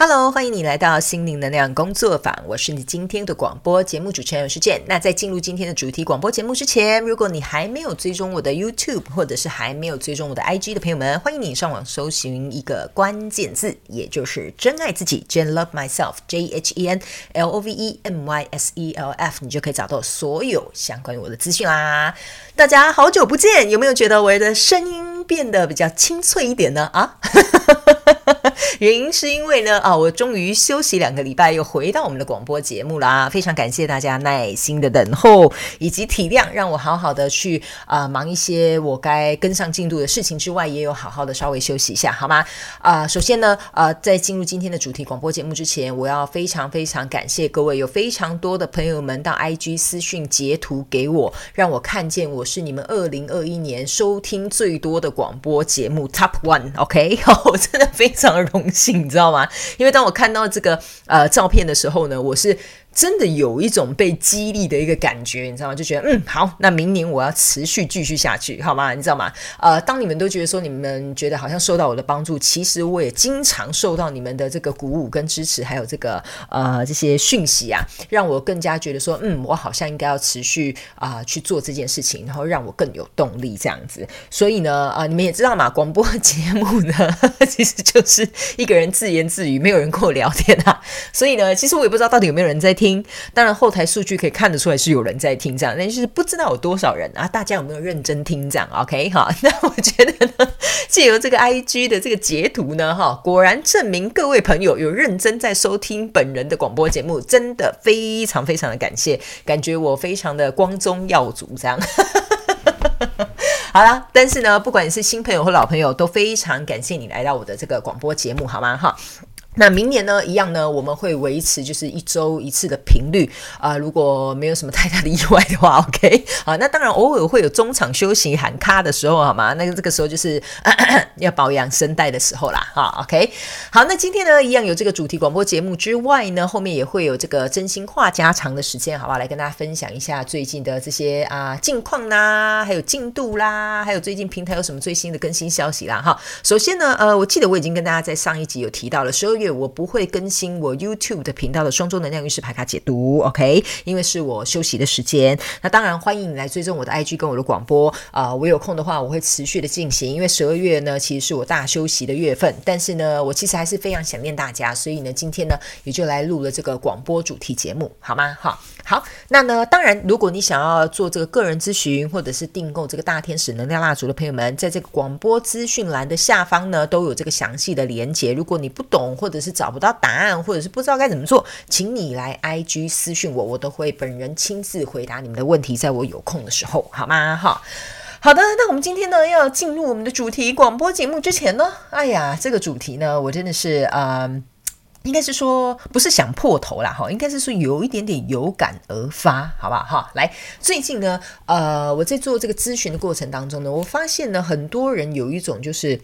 Hello，歡迎你來到心靈能量工作坊，我是你今天的廣播節目主持人是 Jhen。那在進入今天的主題廣播節目之前，如果你還沒有追蹤我的 YouTube 或者是還沒有追蹤我的 IG 的朋友們，歡迎你上網搜尋一個關鍵字，也就是真愛自己，Jhen Love Myself，J H E N L O V E M Y S E L F，你就可以找到所有相關於我的資訊啦。大家好久不見，有沒有覺得我的聲音變得比較清脆一點呢？啊，哈哈哈。 原因是因為呢啊，我終於休息兩個禮拜，又回到我們的廣播節目啦。非常感謝大家耐心的等候以及體諒，讓我好好的去啊、呃、忙一些我該跟上進度的事情之外，也有好好的稍微休息一下，好嗎？啊、呃，首先呢，呃，在進入今天的主題廣播節目之前，我要非常非常感謝各位，有非常多的朋友們到 IG 私訊截圖給我，讓我看見我是你們二零二一年收聽最多的廣播節目 Top One，OK？真的。非常榮幸，你知道嗎？因為當我看到這個呃照片的時候呢，我是。真的有一種被激勵的一個感覺，你知道嗎？就覺得嗯好，那明年我要持續繼續下去，好嗎？你知道嗎？呃，當你們都覺得說你們覺得好像受到我的幫助，其實我也經常受到你們的這個鼓舞跟支持，還有這個呃這些訊息啊，讓我更加覺得說嗯，我好像應該要持續啊、呃、去做這件事情，然後讓我更有動力這樣子。所以呢，呃，你們也知道嘛，廣播節目呢其實就是一個人自言自語，沒有人跟我聊天啊。所以呢，其實我也不知道到底有沒有人在聽。當然後台數據可以看得出來是有人在聽這樣，但是不知道有多少人啊？大家有沒有認真聽？這樣 OK？好，那我覺得呢，借由這個 IG 的這個截圖呢，哈，果然證明各位朋友有認真在收聽本人的廣播節目，真的非常非常的感謝，感覺我非常的光宗耀祖這樣。 好啦，但是呢，不管你是新朋友或老朋友，都非常感謝你來到我的這個廣播節目，好嗎？哈。那明年呢，一樣呢，我們會維持就是一周一次的頻率啊、呃，如果沒有什麼太大的意外的話，OK 啊，那當然偶爾會有中場休息喊卡的時候，好嗎？那這個時候就是咳咳要保養聲帶的時候啦，哈，OK，好，那今天呢，一樣有這個主題廣播節目之外呢，後面也會有這個真心話家常的時間，好不好？來跟大家分享一下最近的這些啊、呃、近況啦，還有進度啦，還有最近平台有什麼最新的更新消息啦，哈。首先呢，呃，我記得我已經跟大家在上一集有提到了十二月。我不會更新我 YouTube 的頻道的雙週能量運勢牌卡解讀，OK？因為是我休息的時間。那當然歡迎你來追蹤我的 IG 跟我的廣播啊，呃，我有空的話，我會持續的進行。因為十二月呢，其實是我大休息的月份，但是呢，我其實還是非常想念大家，所以呢，今天呢，也就來錄了這個廣播主題節目，好嗎？好。好，那呢？當然，如果你想要做這個個人諮詢，或者是訂購這個大天使能量蠟燭的朋友們，在這個廣播資訊欄的下方呢，都有這個詳細的連結。如果你不懂，或者是找不到答案，或者是不知道該怎麼做，請你來 IG 私訊我，我都會本人親自回答你們的問題，在我有空的時候，好嗎？好，好的。那我們今天呢，要進入我們的主題廣播節目之前呢，哎呀，這個主題呢，我真的是嗯、呃應該是說不是想破頭啦，哈，應該是說有一點點有感而發，好不好？哈，來，最近呢，呃，我在做這個諮詢的過程當中呢，我發現呢，很多人有一種就是，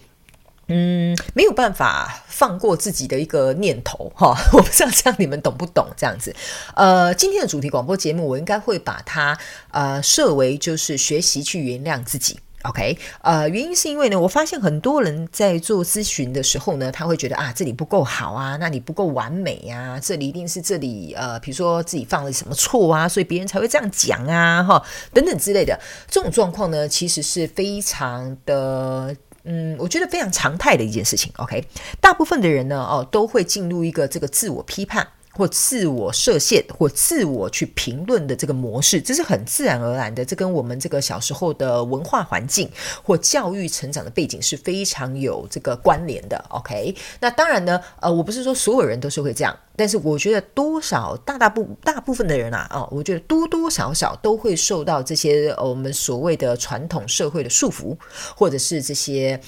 嗯，沒有辦法放過自己的一個念頭，哈，我不知道這樣你們懂不懂這樣子。呃，今天的主題廣播節目，我應該會把它呃設為就是學習去原諒自己。OK，呃，原因是因為呢，我發現很多人在做諮詢的時候呢，他會覺得啊，這裡不夠好啊，那裡不夠完美呀，啊，這裡一定是這裡呃，比如說自己犯了什麼錯啊，所以別人才會這樣講啊，哈，等等之類的，這種狀況呢，其實是非常的，嗯，我覺得非常常態的一件事情。OK，大部分的人呢，哦，都會進入一個這個自我批判。或自我設限，或自我去評論的這個模式，這是很自然而然的。這跟我們這個小時候的文化環境或教育成長的背景是非常有這個關聯的。OK，那當然呢，呃，我不是說所有人都是會這樣，但是我覺得多少大大部大部分的人啊，啊、哦，我覺得多多少少都會受到這些，呃，我們所謂的傳統社會的束縛，或者是這些。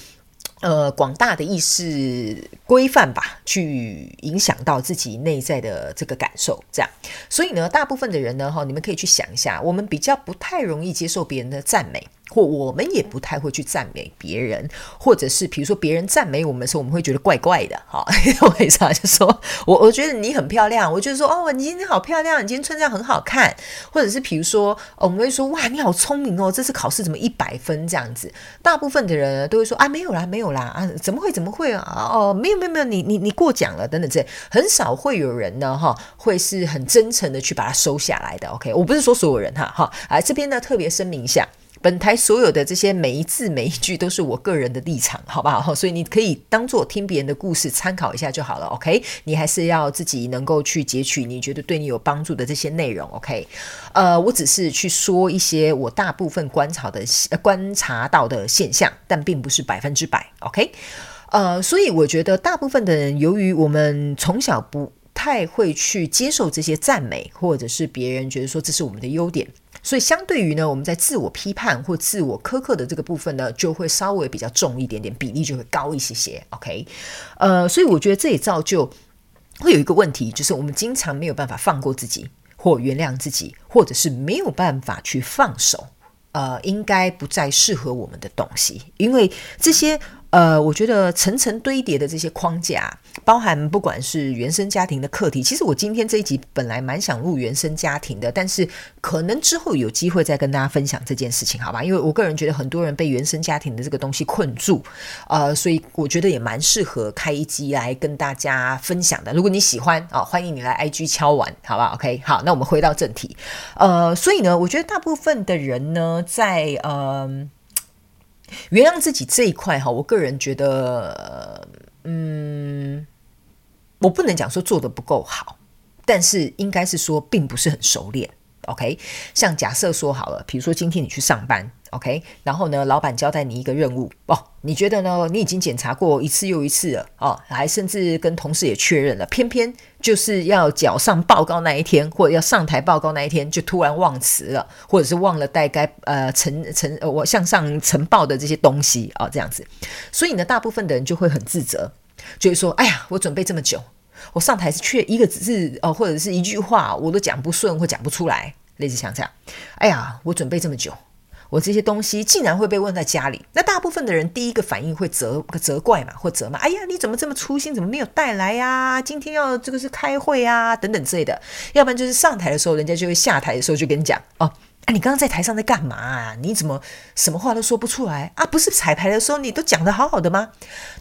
呃，廣大的意識規範吧，去影響到自己內在的這個感受，這樣。所以呢，大部分的人呢，哈，你們可以去想一下，我們比較不太容易接受別人的讚美。或我們也不太會去讚美別人，或者是比如說別人讚美我們的時候，我們會覺得怪怪的哈。會、哦、啥？ 就說我，我覺得你很漂亮。我覺得說哦，你今天好漂亮，你今天穿這樣很好看。或者是比如說、哦，我們會說哇，你好聰明哦，這次考試怎麼一百分這樣子？大部分的人都會說啊，沒有啦，沒有啦，啊，怎麼會？怎麼會啊？啊哦，沒有，沒有，沒有，你你你過獎了，等等這，很少會有人呢哈，會是很真誠的去把它收下來的。OK，我不是說所有人哈哈，來，這邊呢，特別聲明一下。本台所有的這些每一字每一句都是我個人的立場，好不好？所以你可以當做聽別人的故事參考一下就好了，OK？你還是要自己能夠去截取你覺得對你有幫助的這些內容，OK？呃，我只是去說一些我大部分觀察的、呃、觀察到的現象，但並不是百分之百，OK？呃，所以我覺得大部分的人，由於我們從小不太會去接受這些讚美，或者是別人覺得說這是我們的優點。所以，相對於呢，我們在自我批判或自我苛刻的這個部分呢，就會稍微比較重一點點，比例就會高一些些。OK，呃，所以我覺得這也造就會有一個問題，就是我們經常沒有辦法放過自己，或原諒自己，或者是沒有辦法去放手。呃，應該不再適合我們的東西，因為這些。呃，我覺得層層堆疊的這些框架，包含不管是原生家庭的課題，其實我今天這一集本來蠻想錄原生家庭的，但是可能之後有機會再跟大家分享這件事情，好吧？因為我個人覺得很多人被原生家庭的這個東西困住，呃，所以我覺得也蠻適合開一集來跟大家分享的。如果你喜歡啊、哦，歡迎你來 IG 敲碗，好吧？OK，好，那我們回到正題，呃，所以呢，我覺得大部分的人呢，在嗯。呃原諒自己這一塊哈，我個人覺得，嗯，我不能講說做得不夠好，但是應該是說並不是很熟練。OK，像假設說好了，比如說今天你去上班，OK，然後呢，老闆交代你一個任務哦，你覺得呢？你已經檢查過一次又一次了哦，還甚至跟同事也確認了，偏偏就是要交上報告那一天，或者要上台報告那一天，就突然忘詞了，或者是忘了帶該呃呈呈我向上呈報的這些東西哦，這樣子，所以呢，大部分的人就會很自責，就是說，哎呀，我準備這麼久。我上台是缺一個字，只是哦，或者是一句話，我都講不順或講不出來，類似像這樣。哎呀，我準備這麼久，我這些東西竟然會被問在家裡。那大部分的人第一個反應會責責怪嘛，或責罵。哎呀，你怎麼這麼粗心，怎麼沒有帶來呀、啊？今天要這個是開會啊，等等之類的。要不然就是上台的時候，人家就會下台的時候就跟你講哦。啊，你剛剛在台上在幹嘛啊？你怎麼什麼話都說不出來啊？不是彩排的時候你都講得好好的嗎？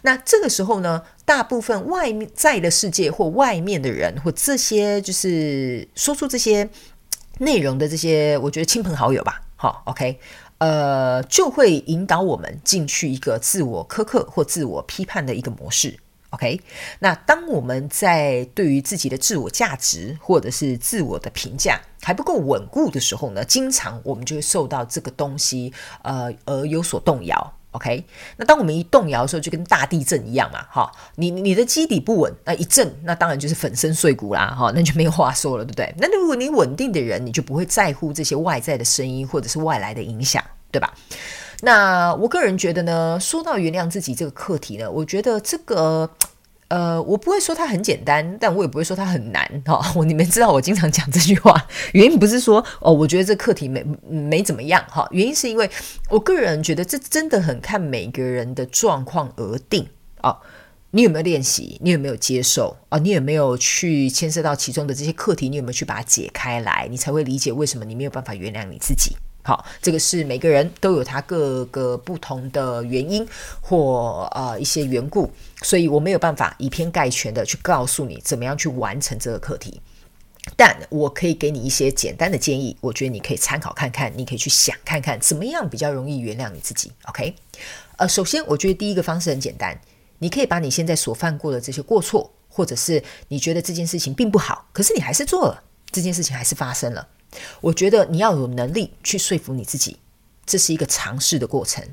那這個時候呢，大部分外面在的世界或外面的人或這些就是說出這些內容的這些，我覺得親朋好友吧，好，哦，OK，呃，就會引導我們進去一個自我苛刻，或自我批判的一個模式。OK，那當我們在對於自己的自我價值或者是自我的評價還不夠穩固的時候呢，經常我們就會受到這個東西呃而有所動搖。OK，那當我們一動搖的時候，就跟大地震一樣嘛，哈，你你的基底不穩，那一震，那當然就是粉身碎骨啦，哈，那就沒有話說了，對不對？那如果你穩定的人，你就不會在乎這些外在的聲音或者是外來的影響，對吧？那我個人覺得呢，說到原諒自己這個課題呢，我覺得這個，呃，我不會說它很簡單，但我也不會說它很難。哈、哦，我你們知道我經常講這句話，原因不是說哦，我覺得這課題沒沒怎麼樣，哈、哦，原因是因為我個人覺得這真的很看每個人的狀況而定。哦，你有沒有練習？你有沒有接受？哦，你有沒有去牽涉到其中的這些課題？你有沒有去把它解開來？你才會理解為什麼你沒有辦法原諒你自己。好，這個是每個人都有他各個不同的原因或呃、一些緣故，所以我沒有辦法以偏概全的去告訴你怎麼樣去完成這個課題，但我可以給你一些簡單的建議，我覺得你可以參考看看，你可以去想看看怎麼樣比較容易原諒你自己。OK，呃，首先我覺得第一個方式很簡單，你可以把你現在所犯過的這些過錯，或者是你覺得這件事情並不好，可是你還是做了，這件事情還是發生了。我覺得你要有能力去說服你自己，這是一個嘗試的過程。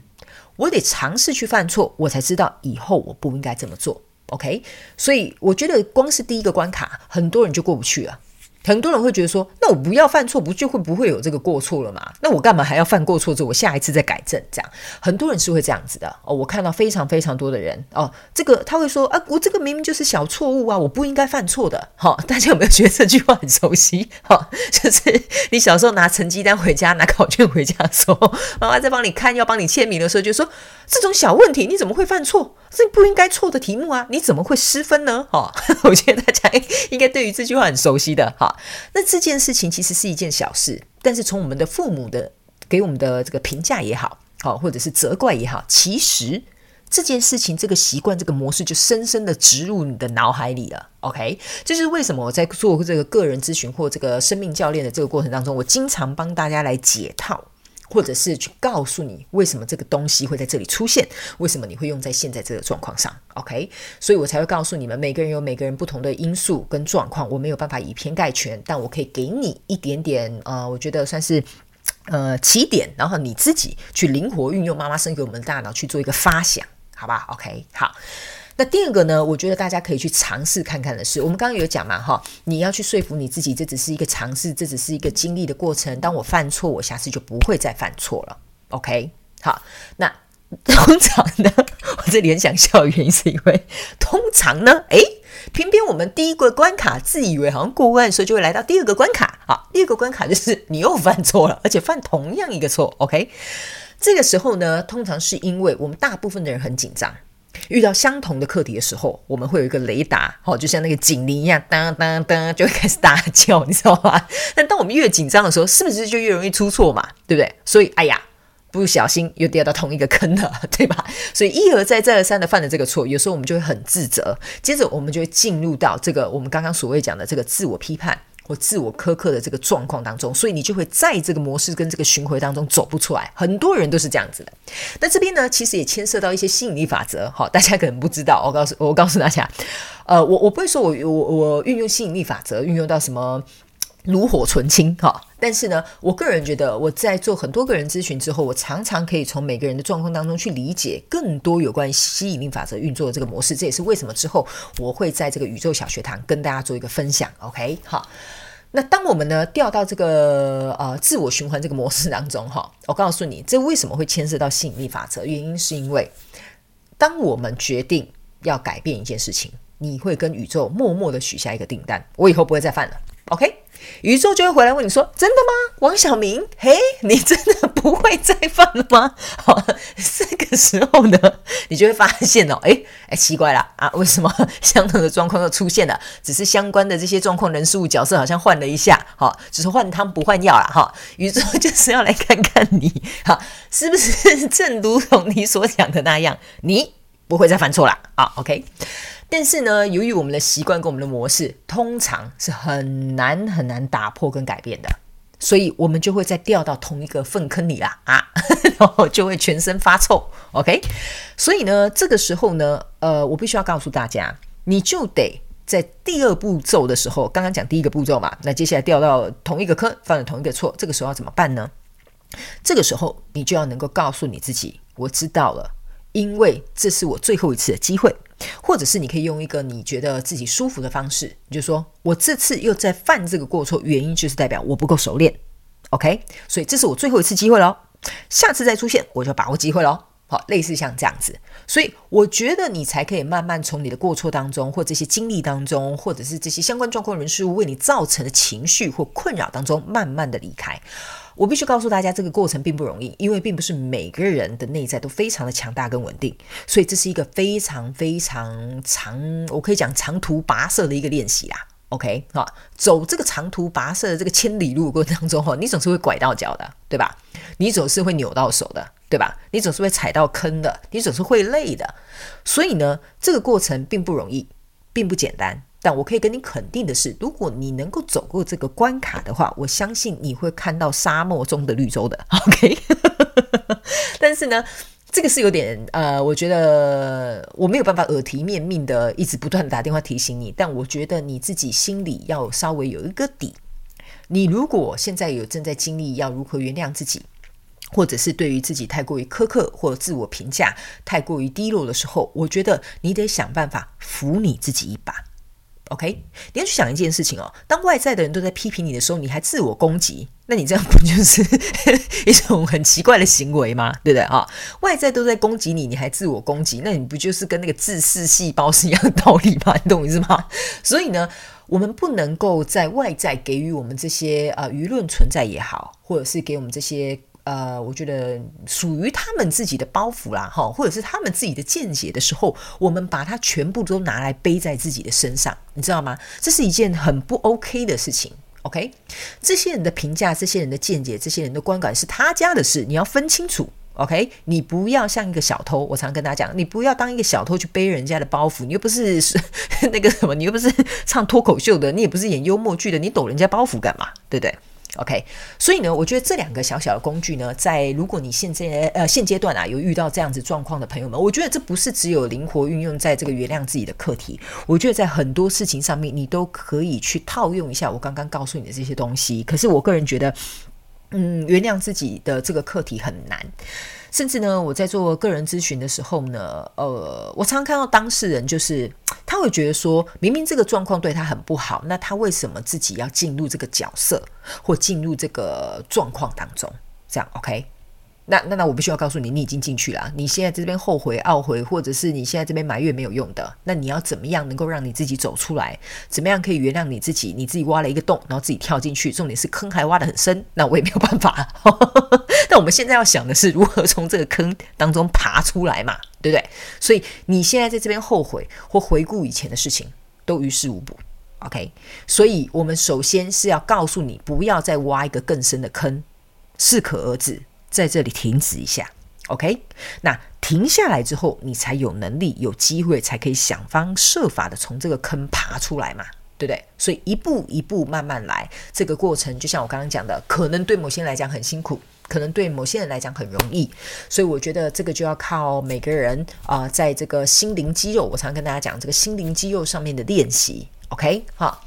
我得嘗試去犯錯，我才知道以後我不應該這麼做。OK，所以我覺得光是第一個關卡，很多人就過不去了。很多人會覺得說，那我不要犯錯，不就會不會有這個過錯了嘛？那我幹嘛還要犯過錯之後？這我下一次再改正。這樣，很多人是會這樣子的哦。我看到非常非常多的人哦，這個他會說啊，我這個明明就是小錯誤啊，我不應該犯錯的。哈，大家有沒有覺得這句話很熟悉？哈，就是你小時候拿成績單回家，拿考卷回家的時候，媽媽在幫你看，要幫你簽名的時候，就說這種小問題你怎麼會犯錯？這不應該錯的題目啊，你怎麼會失分呢？哈，我覺得大家應該對於這句話很熟悉的哈。哦那這件事情其實是一件小事，但是從我們的父母的給我們的這個評價也好，好或者是責怪也好，其實這件事情、這個習慣、這個模式就深深的植入你的腦海裡了。OK，這是為什麼我在做這個個人諮詢或這個生命教練的這個過程當中，我經常幫大家來解套。或者是去告訴你為什麼這個東西會在這裡出現，為什麼你會用在現在這個狀況上，OK？所以，我才會告訴你們，每個人有每個人不同的因素跟狀況，我沒有辦法以偏概全，但我可以給你一點點，呃，我覺得算是呃起點，然後你自己去靈活運用媽媽生給我們的大腦去做一個發想，好吧？OK，好。那第二個呢？我覺得大家可以去嘗試看看的是，我們剛剛有講嘛，哈，你要去說服你自己，這只是一個嘗試，這只是一個經歷的過程。當我犯錯，我下次就不會再犯錯了。OK，好，那通常呢，我這裡很想笑的原因是因為通常呢，哎，偏偏我們第一個關卡自以為好像過關，所以就會來到第二個關卡，好，第二個關卡就是你又犯錯了，而且犯同樣一個錯。OK，這個時候呢，通常是因為我們大部分的人很緊張。遇到相同的課題的時候，我們會有一個雷達，好、哦，就像那個警鈴一樣，當當當，就會開始大叫，你知道嗎？但當我們越緊張的時候，是不是就越容易出錯嘛？對不對？所以，哎呀，不小心又掉到同一個坑了，對吧？所以一而再、再而三的犯了這個錯，有時候我們就會很自責，接着我們就會進入到這個我們剛剛所謂講的這個自我批判。或自我苛刻的這個狀況當中，所以你就會在這個模式跟這個循環當中走不出來。很多人都是這樣子的。那這邊呢，其實也牽涉到一些吸引力法則。好，大家可能不知道，我告訴我告訴大家，呃，我我不會說我我我運用吸引力法則運用到什麼，爐火純青哈，但是呢，我個人覺得我在做很多個人諮詢之後，我常常可以從每個人的狀況當中去理解更多有關於吸引力法則運作的這個模式。這也是為什麼之後我會在這個宇宙小學堂跟大家做一個分享。OK 好，那當我們呢掉到這個呃自我循環這個模式當中哈，我告訴你，這為什麼會牽涉到吸引力法則？原因是因為當我們決定要改變一件事情，你會跟宇宙默默地許下一個訂單，我以後不會再犯了。OK。宇宙就會回來問你說：“真的嗎，王小明？嘿，你真的不會再犯了嗎？”好，這個時候呢，你就會發現哦、喔，哎、欸欸、奇怪了啊，為什麼相同的狀況又出現了？只是相關的這些狀況、人事物、角色好像換了一下，只是換湯不換藥了哈。宇宙就是要來看看你，是不是正如同你所想的那樣，你不會再犯錯了啊？OK。但是呢，由於我們的習慣跟我們的模式通常是很難很難打破跟改變的，所以我們就會再掉到同一個糞坑裡啦。啊，然後就會全身發臭。OK，所以呢，這個時候呢，呃，我必須要告訴大家，你就得在第二步驟的時候，剛剛講第一個步驟嘛，那接下來掉到同一個坑，犯了同一個錯，這個時候要怎麼辦呢？這個時候你就要能夠告訴你自己，我知道了。因為這是我最後一次的機會，或者是你可以用一個你覺得自己舒服的方式，你就說我這次又在犯這個過錯，原因就是代表我不夠熟練，OK？所以這是我最後一次機會嘍，下次再出現我就把握機會嘍。好，類似像這樣子，所以我覺得你才可以慢慢從你的過錯當中，或這些經歷當中，或者是這些相關狀況人、人事物為你造成的情緒或困擾當中，慢慢的離開。我必須告訴大家，這個過程並不容易，因為並不是每個人的內在都非常的強大跟穩定，所以這是一個非常非常長，我可以講長途跋涉的一個練習啦。OK，好，走這個長途跋涉的這個千里路過程當中，哈，你總是會拐到腳的，對吧？你總是會扭到手的，對吧？你總是會踩到坑的，你總是會累的，所以呢，這個過程並不容易，並不簡單。但我可以跟你肯定的是，如果你能夠走過這個關卡的話，我相信你會看到沙漠中的綠洲的。OK， 但是呢，這個是有點呃，我覺得我沒有辦法耳提面命的一直不斷的打電話提醒你，但我覺得你自己心裡要稍微有一個底。你如果現在有正在經歷要如何原諒自己，或者是對於自己太過於苛刻，或者自我評價太過於低落的時候，我覺得你得想辦法扶你自己一把。OK，你要去想一件事情哦，當外在的人都在批評你的時候，你還自我攻擊，那你這樣不就是呵呵一種很奇怪的行為嗎？對不對啊、哦？外在都在攻擊你，你還自我攻擊，那你不就是跟那個自噬細胞是一樣的道理嗎？你懂我意思嗎？所以呢，我們不能夠在外在給予我們這些啊、呃、輿論存在也好，或者是給我們這些。呃，我覺得屬於他們自己的包袱啦，哈，或者是他們自己的見解的時候，我們把它全部都拿來背在自己的身上，你知道嗎？這是一件很不 OK 的事情，OK？這些人的評價、這些人的見解、這些人的觀感是他家的事，你要分清楚，OK？你不要像一個小偷，我常跟他講，你不要當一個小偷去背人家的包袱，你又不是那個什麼，你又不是唱脫口秀的，你也不是演幽默劇的，你抖人家包袱幹嘛？對不對？OK，所以呢，我覺得這兩個小小的工具呢，在如果你現在呃現階段啊有遇到這樣子狀況的朋友們，我覺得這不是只有靈活運用在這個原諒自己的課題，我覺得在很多事情上面你都可以去套用一下我剛剛告訴你的這些東西。可是我個人覺得，嗯，原諒自己的這個課題很難。甚至呢，我在做個人諮詢的時候呢，呃，我常常看到當事人就是他會覺得說，明明這個狀況對他很不好，那他為什麼自己要進入這個角色或進入這個狀況當中？這樣，OK。那那那，我不需要告訴你，你已經進去了。你現在，在這邊後悔，懊悔，或者是你現在這邊埋怨，沒有用的。那你要怎麼樣能夠讓你自己走出來？怎麼樣可以原諒你自己？你自己挖了一個洞，然後自己跳進去，重點是坑還挖得很深。那我也沒有辦法。那我們現在要想的是如何從這個坑當中爬出來嘛，對不對？所以你現在在這邊後悔或回顧以前的事情，都於事無補。OK，所以我們首先是要告訴你，不要再挖一個更深的坑，適可而止。在這裡停止一下，OK？那停下來之後，你才有能力、有機會，才可以想方設法地從這個坑爬出來嘛，對不對？所以一步一步慢慢來，這個過程就像我剛剛講的，可能對某些人來講很辛苦，可能對某些人來講很容易，所以我覺得這個就要靠每個人啊，呃，在這個心靈肌肉，我常跟大家講這個心靈肌肉上面的練習，OK？哈。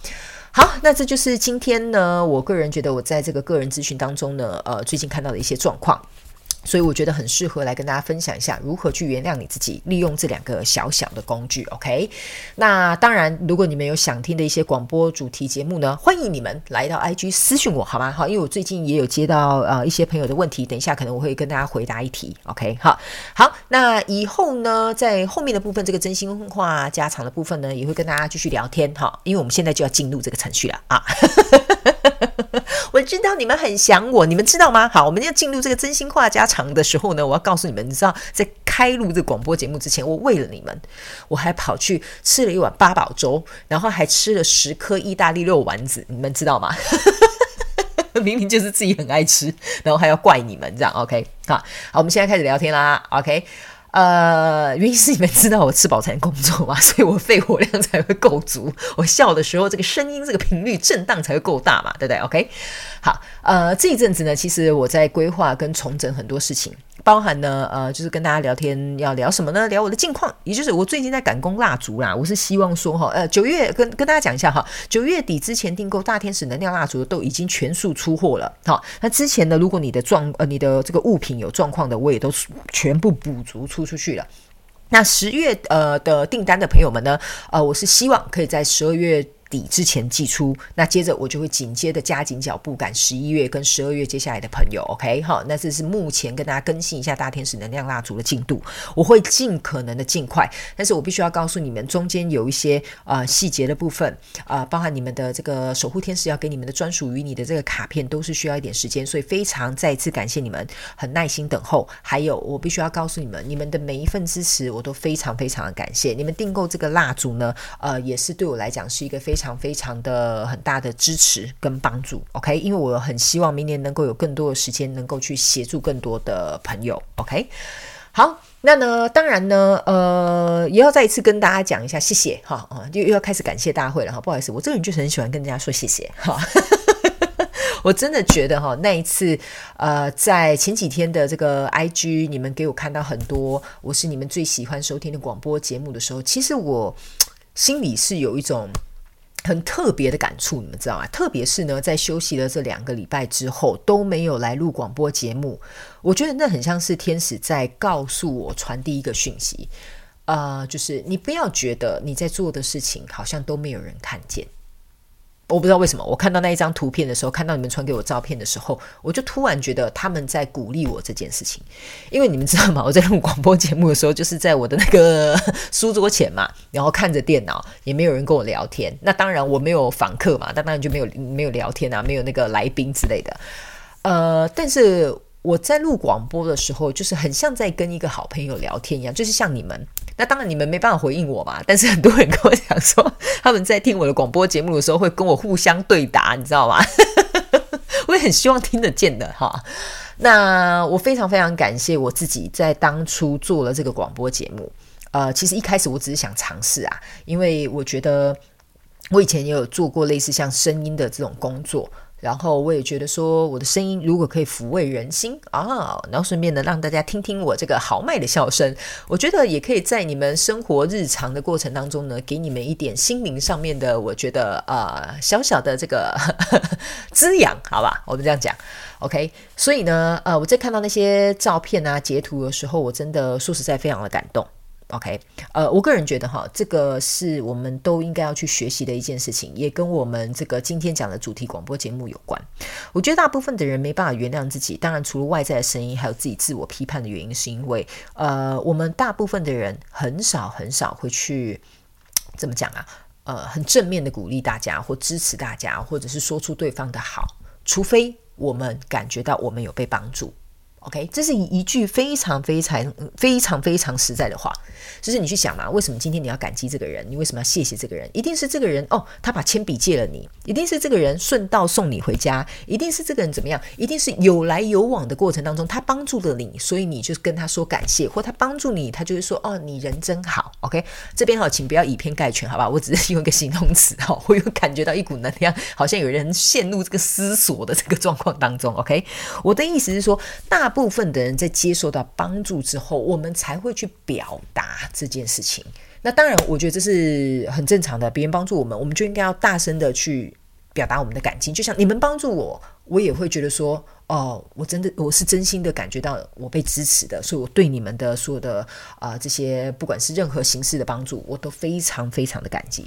好，那這就是今天呢，我個人覺得我在這個個人諮詢當中呢，呃，最近看到的一些狀況。所以我覺得很適合來跟大家分享一下如何去原諒你自己，利用這兩個小小的工具，OK？那當然，如果你們有想聽的一些廣播主題節目呢，歡迎你們來到 IG 私訊我，好嗎？好，因為我最近也有接到呃一些朋友的問題，等一下可能我會跟大家回答一題，OK？好，好，那以後呢，在後面的部分這個真心話加長的部分呢，也會跟大家繼續聊天，好，因為我們現在就要進入這個程序了啊。 我知道你們很想我，你們知道嗎？好，我們要進入這個真心話家常的時候呢，我要告訴你們，你知道，在開錄這個廣播節目之前，我為了你們，我還跑去吃了一碗八寶粥，然後還吃了十顆意大利肉丸子，你們知道嗎？ 明明就是自己很愛吃，然後還要怪你們這樣，OK，好，我們現在開始聊天啦，OK。呃，原因是你們知道我吃飽才工作嘛，所以我肺活量才會夠足，我笑的時候這個聲音、這個頻率震盪才會夠大嘛，對不對？OK，好，呃，這一陣子呢，其實我在規劃跟重整很多事情。包含呢，呃，就是跟大家聊天要聊什麼呢？聊我的近況，也就是我最近在趕工蠟燭啦。我是希望說哈，呃，九月跟，跟大家講一下哈，九月底之前訂購大天使能量蠟燭的都已經全數出貨了哈。那之前呢，如果你的狀呃你的這個物品有狀況的，我也都全部補足出出去了。那十月呃的訂單的朋友們呢，呃，我是希望可以在十二月。底之前寄出，那接着我就會緊接着加緊腳步趕十一月跟十二月接下來的朋友，OK，好，那這是目前跟大家更新一下大天使能量蠟燭的進度，我會盡可能的盡快，但是我必須要告訴你們，中間有一些啊、呃、細節的部分啊、呃，包含你們的這個守護天使要給你們的專屬於你的這個卡片，都是需要一點時間，所以非常再次感謝你們很耐心等候，還有我必須要告訴你們，你們的每一份支持我都非常非常的感謝，你們訂購這個蠟燭呢，呃，也是對我來講是一個非。非常非常的很大的支持跟幫助，OK？因為我很希望明年能夠有更多的時間，能夠去協助更多的朋友，OK？好，那呢，當然呢，呃，也要再一次跟大家講一下，謝謝哈啊，又、哦、又要開始感謝大會了哈，不好意思，我這個人就是很喜歡跟大家說謝謝哈，哦、 我真的覺得哈、哦，那一次呃，在前幾天的這個 IG，你們給我看到很多我是你們最喜歡收聽的廣播節目的時候，其實我心裡是有一種。很特別的感觸，你們知道嗎？特別是呢，在休息了這兩個禮拜之後都沒有來錄廣播節目，我覺得那很像是天使在告訴我，傳遞一個訊息，呃，就是你不要覺得你在做的事情好像都沒有人看見。我不知道為什麼，我看到那一張圖片的時候，看到你們傳給我照片的時候，我就突然覺得他們在鼓勵我這件事情。因為你們知道嗎？我在錄廣播節目的時候，就是在我的那個書桌前嘛，然後看着電腦，也沒有人跟我聊天。那當然我沒有訪客嘛，但當然就沒有沒有聊天啊，沒有那個來賓之類的。呃，但是。我在錄廣播的時候，就是很像在跟一個好朋友聊天一樣，就是像你們。那當然你們沒辦法回應我嘛，但是很多人跟我講說，他們在聽我的廣播節目的時候會跟我互相對答，你知道嗎？ 我也很希望聽得見的哈。那我非常非常感謝我自己在當初做了這個廣播節目。呃，其實一開始我只是想嘗試啊，因為我覺得我以前也有做過類似像聲音的這種工作。然後我也覺得說，我的聲音如果可以撫慰人心啊，然後順便呢，讓大家聽聽我這個豪邁的笑聲，我覺得也可以在你們生活日常的過程當中呢，給你們一點心靈上面的，我覺得啊、呃、小小的這個滋養，好吧，我們這樣講，OK。所以呢，呃，我在看到那些照片啊、截圖的時候，我真的說實在非常的感動。OK，呃，我個人覺得哈，這個是我們都應該要去學習的一件事情，也跟我們這個今天講的主題廣播節目有關。我覺得大部分的人沒辦法原諒自己，當然除了外在的聲音，還有自己自我批判的原因，是因為呃，我們大部分的人很少很少會去怎麼講啊，呃，很正面的鼓勵大家或支持大家，或者是說出對方的好，除非我們感覺到我們有被幫助。OK，這是一句非常非常非常非常實在的話，就是你去想嘛，為什麼今天你要感激這個人？你為什麼要謝謝這個人？一定是這個人哦，他把鉛筆借了你，一定是這個人順道送你回家，一定是這個人怎麼樣？一定是有來有往的過程當中，他幫助了你，所以你就跟他說感謝，或他幫助你，他就會說哦，你人真好。OK，這邊哈、哦，請不要以偏概全，好吧？我只是用一個形容詞哈，我有感覺到一股能量，好像有人陷入這個思索的這個狀況當中。OK，我的意思是說大。部分的人在接受到幫助之後，我們才會去表達這件事情。那當然，我覺得這是很正常的。別人幫助我們，我們就應該要大聲的去表達我們的感情。就像你們幫助我，我也會覺得說，哦，我真的我是真心的感覺到我被支持的，所以我對你們的所有的啊、呃、這些，不管是任何形式的幫助，我都非常非常的感激。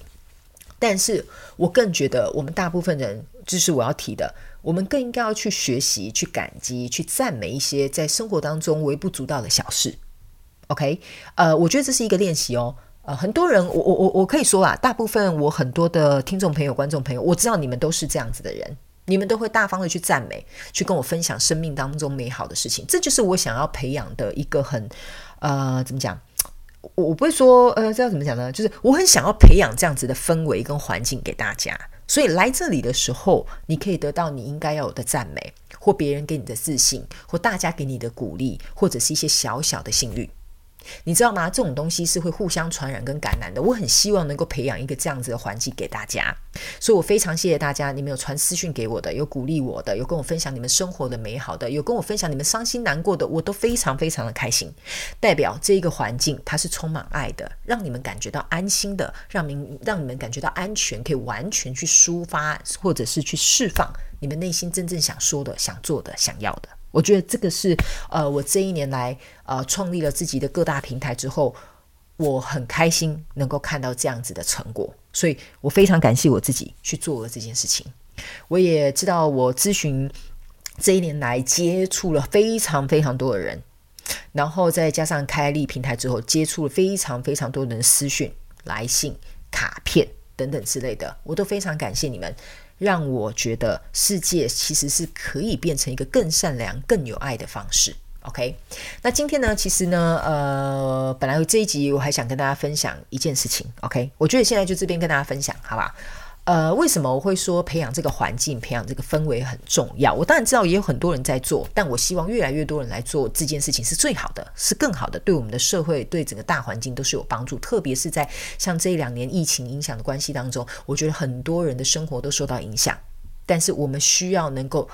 但是我更覺得，我們大部分人，這、就是我要提的，我們更應該要去學習、去感激、去讚美一些在生活當中微不足道的小事。OK，呃，我覺得這是一個練習哦。呃，很多人，我我我我可以說啊，大部分我很多的聽眾朋友、觀眾朋友，我知道你們都是這樣子的人，你們都會大方的去讚美，去跟我分享生命當中美好的事情。這就是我想要培養的一個很，呃，怎麼講？我我不會說，呃，這樣怎麼講呢？就是我很想要培養這樣子的氛圍跟環境給大家，所以來這裡的時候，你可以得到你應該要有的讚美，或別人給你的自信，或大家給你的鼓勵，或者是一些小小的幸運。你知道嗎？這種東西是會互相傳染跟感染的。我很希望能夠培養一個這樣子的環境給大家，所以我非常謝謝大家，你們有傳私訊給我的，有鼓勵我的，有跟我分享你們生活的美好的，有跟我分享你們傷心難過的，我都非常非常的開心。代表這一個環境它是充滿愛的，讓你們感覺到安心的，讓你讓你們感覺到安全，可以完全去抒發或者是去釋放你們內心真正想說的、想做的、想要的。我覺得這個是，呃，我這一年來，呃，創立了自己的各大平台之後，我很開心能夠看到這樣子的成果，所以我非常感謝我自己去做了這件事情。我也知道，我諮詢這一年來接觸了非常非常多的人，然後再加上開立平台之後，接觸了非常非常多的人私訊、來信、卡片等等之類的，我都非常感謝你們。讓我覺得世界其實是可以變成一個更善良、更有愛的方式。OK，那今天呢，其實呢，呃，本來這一集我還想跟大家分享一件事情。OK，我覺得現在就這邊跟大家分享，好吧？呃，為什麼我會說培養這個環境、培養這個氛圍很重要？我當然知道也有很多人在做，但我希望越來越多人來做這件事情是最好的，是更好的，對我們的社會、對整個大環境都是有幫助。特別是在像這兩年疫情影響的關係當中，我覺得很多人的生活都受到影響。但是我們需要能夠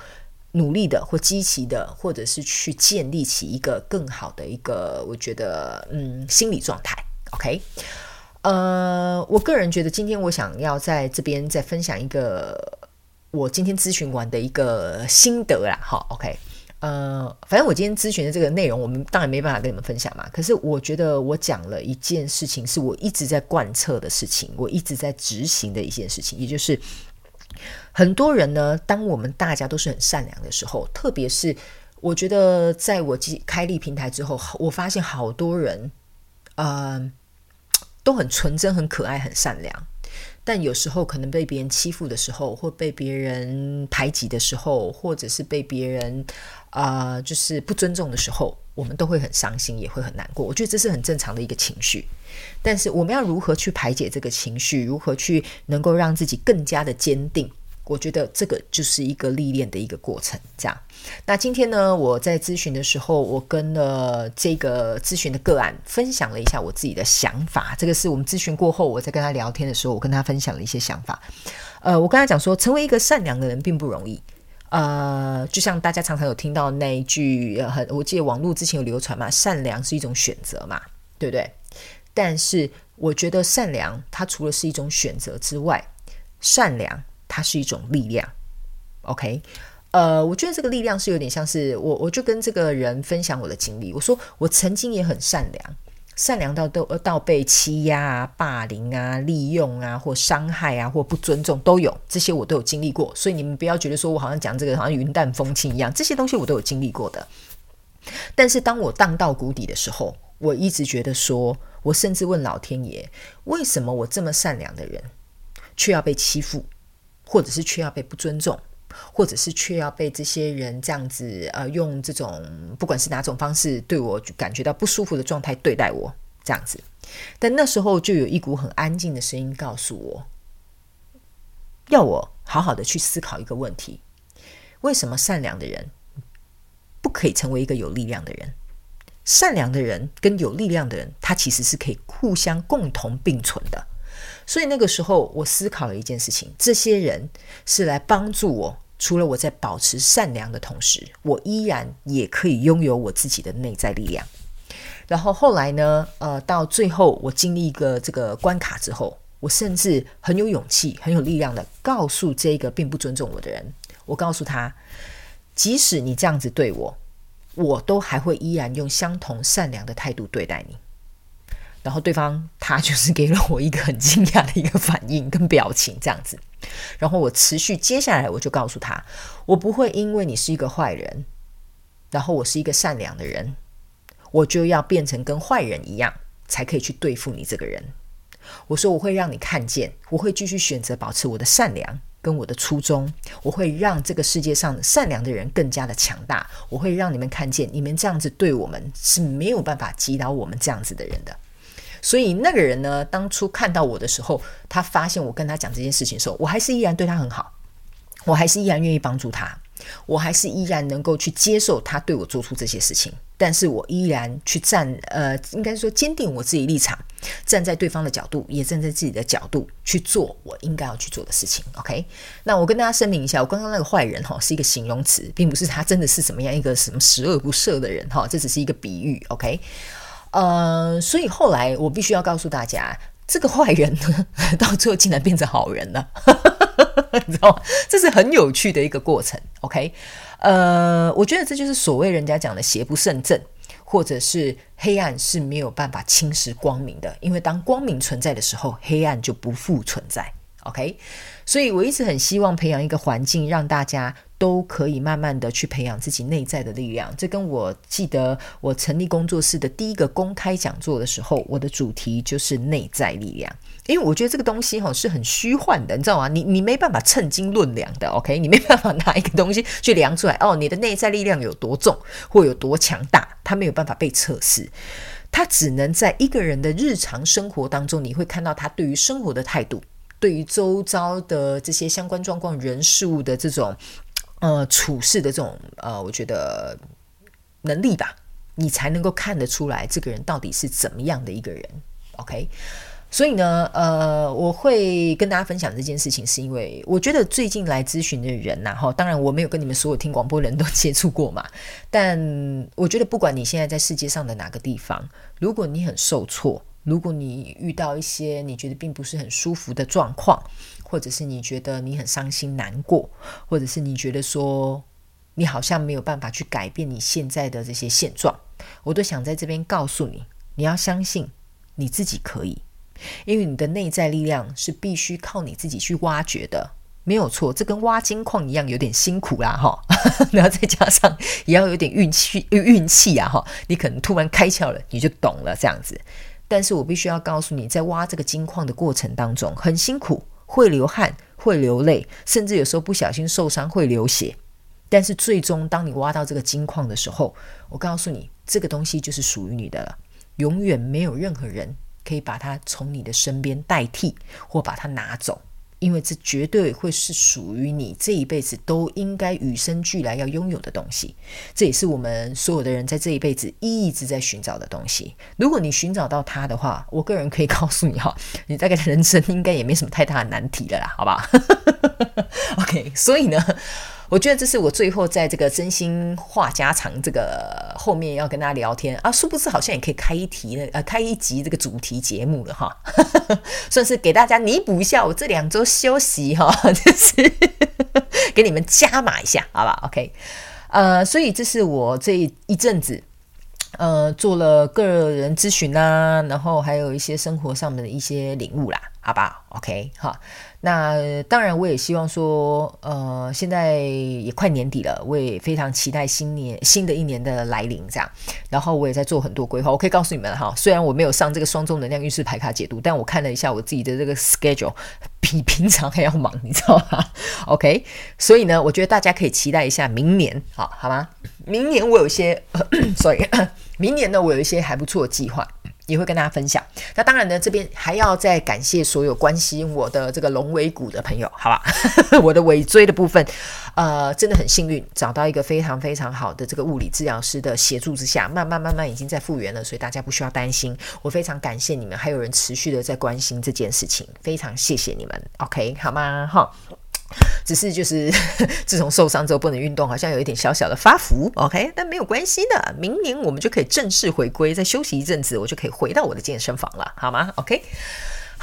努力的或積極的，或者是去建立起一個更好的一個，我覺得嗯，心理狀態。OK。呃，我個人覺得今天我想要在這邊再分享一個我今天諮詢完的一個心得啦。好，OK，呃，反正我今天諮詢的這個內容，我們當然沒辦法跟你們分享嘛。可是我覺得我講了一件事情，是我一直在貫徹的事情，我一直在執行的一件事情，也就是很多人呢，當我們大家都是很善良的時候，特別是我覺得在我開立平台之後，我發現好多人，嗯、呃。都很純真、很可愛、很善良，但有時候可能被別人欺負的時候，或被別人排擠的時候，或者是被別人啊、呃，就是不尊重的時候，我們都會很傷心，也會很難過。我覺得這是很正常的一個情緒，但是我們要如何去排解這個情緒？如何去能夠讓自己更加的堅定？我覺得這個就是一個歷練的一個過程，這樣。那今天呢，我在諮詢的時候，我跟了這個諮詢的個案分享了一下我自己的想法。這個是我們諮詢過後，我在跟他聊天的時候，我跟他分享了一些想法。呃，我跟他講說，成為一個善良的人並不容易。呃，就像大家常常有聽到那一句，很、呃、我記得網絡之前有流傳嘛，“善良是一種選擇”嘛，對不對？但是我覺得善良，它除了是一種選擇之外，善良。它是一種力量，OK，呃，我覺得這個力量是有點像是我，我就跟這個人分享我的經歷。我說我曾經也很善良，善良到都呃到被欺壓啊、霸凌啊、利用啊或傷害啊或不尊重都有，這些我都有經歷過。所以你們不要覺得說我好像講這個好像雲淡風輕一樣，這些東西我都有經歷過的。但是當我盪到谷底的時候，我一直覺得說，我甚至問老天爺，為什麼我這麼善良的人，卻要被欺負？或者是卻要被不尊重，或者是卻要被這些人這樣子呃，用這種不管是哪種方式對我感覺到不舒服的狀態對待我這樣子，但那時候就有一股很安靜的聲音告訴我，要我好好的去思考一個問題：為什麼善良的人不可以成為一個有力量的人？善良的人跟有力量的人，他其實是可以互相共同並存的。所以那個時候，我思考了一件事情：這些人是來幫助我。除了我在保持善良的同時，我依然也可以擁有我自己的內在力量。然後後來呢？呃，到最後我經歷一個這個關卡之後，我甚至很有勇氣、很有力量地告訴這個並不尊重我的人：我告訴他，即使你這樣子對我，我都還會依然用相同善良的態度對待你。然後對方他就是給了我一個很驚訝的一個反應跟表情這樣子，然後我持續，接下來我就告訴他，我不會因為你是一個壞人，然後我是一個善良的人，我就要變成跟壞人一樣才可以去對付你這個人。我說我會讓你看見，我會繼續選擇保持我的善良跟我的初衷，我會讓這個世界上善良的人更加的強大，我會讓你們看見你們這樣子對我們是沒有辦法擊倒我們這樣子的人的。所以那個人呢，當初看到我的時候，他發現我跟他講這件事情的時候，我還是依然對他很好，我還是依然願意幫助他，我還是依然能夠去接受他對我做出這些事情，但是我依然去站，呃，應該說堅定我自己立場，站在對方的角度，也站在自己的角度去做我應該要去做的事情。OK，那我跟大家聲明一下，我剛剛那個壞人哈是一個形容詞，並不是他真的是怎麼樣一個什麼十惡不赦的人哈，這只是一個比喻。OK。呃，所以後來我必須要告訴大家，這個壞人呢，到最後竟然變成好人了， 你知道嗎？這是很有趣的一個過程，OK？呃，我覺得這就是所謂人家講的邪不勝正，或者是黑暗是沒有辦法侵蝕光明的，因為當光明存在的時候，黑暗就不復存在，OK？所以我一直很希望培養一個環境，讓大家。都可以慢慢的去培養自己內在的力量。這跟我記得我成立工作室的第一個公開講座的時候，我的主題就是內在力量。因為我覺得這個東西是很虛幻的，你知道嗎？你你沒辦法稱斤論兩的，OK？你沒辦法拿一個東西去量出來哦，你的內在力量有多重或有多強大，它沒有辦法被測試，它只能在一個人的日常生活當中，你會看到他對於生活的態度，對於周遭的這些相關狀況、人事物的這種。呃，處事的這種呃，我覺得能力吧，你才能夠看得出來這個人到底是怎麼樣的一個人。OK，所以呢，呃，我會跟大家分享這件事情，是因為我覺得最近來諮詢的人吶，哈，當然我沒有跟你們所有聽廣播的人都接觸過嘛，但我覺得不管你現在在世界上的哪個地方，如果你很受挫，如果你遇到一些你覺得並不是很舒服的狀況。或者是你覺得你很傷心難過，或者是你覺得說你好像沒有辦法去改變你現在的這些現狀，我都想在這邊告訴你，你要相信你自己可以，因為你的內在力量是必須靠你自己去挖掘的，沒有錯，這跟挖金礦一樣，有點辛苦啦哈，然後再加上也要有點運氣運，運氣啊哈，你可能突然開竅了，你就懂了這樣子。但是我必須要告訴你，在挖這個金礦的過程當中，很辛苦。會流汗，會流淚，甚至有時候不小心受傷會流血，但是最終當你挖到這個金礦的時候，我告訴你，這個東西就是屬於你的了，永遠沒有任何人可以把它從你的身邊代替或把它拿走。因為這絕對會是屬於你這一輩子都應該與生俱來要擁有的東西，這也是我們所有的人在這一輩子一直在尋找的東西。如果你尋找到它的話，我個人可以告訴你哈，你大概的人生應該也沒什麼太大的難題了啦，好吧 ？OK，所以呢。我覺得這是我最後在這個真心話家常這個後面要跟大家聊天啊，殊不知好像也可以開一題呢，呃，開一集這個主題節目了哈呵呵，算是給大家彌補一下我這兩周休息哈，就是呵呵給你們加碼一下，好吧？OK，呃，所以這是我這一陣子呃做了個人諮詢啦，然後還有一些生活上面的一些領悟啦，好吧？OK，哈。那當然，我也希望說，呃，現在也快年底了，我也非常期待新年、新的一年的來臨。這樣，然後我也在做很多規劃。我可以告訴你們哈，雖然我沒有上這個雙周能量運勢牌卡解讀，但我看了一下我自己的這個 schedule，比平常還要忙，你知道嗎？OK，所以呢，我覺得大家可以期待一下明年，好好嗎？明年我有一些，所以 Sorry 明年呢，我有一些還不錯的計劃。也會跟大家分享。那當然呢，這邊還要再感謝所有關心我的這個龍尾骨的朋友，好吧？ 我的尾椎的部分，呃，真的很幸運，找到一個非常非常好的這個物理治療師的協助之下，慢慢慢慢已經在復原了，所以大家不需要擔心。我非常感謝你們，還有人持續的在關心這件事情，非常謝謝你們。OK，好嗎？哈。只是就是，自從受傷之後不能運動，好像有一點小小的發福。OK，但沒有關係的，明年我們就可以正式回歸，再休息一陣子，我就可以回到我的健身房了，好嗎？OK。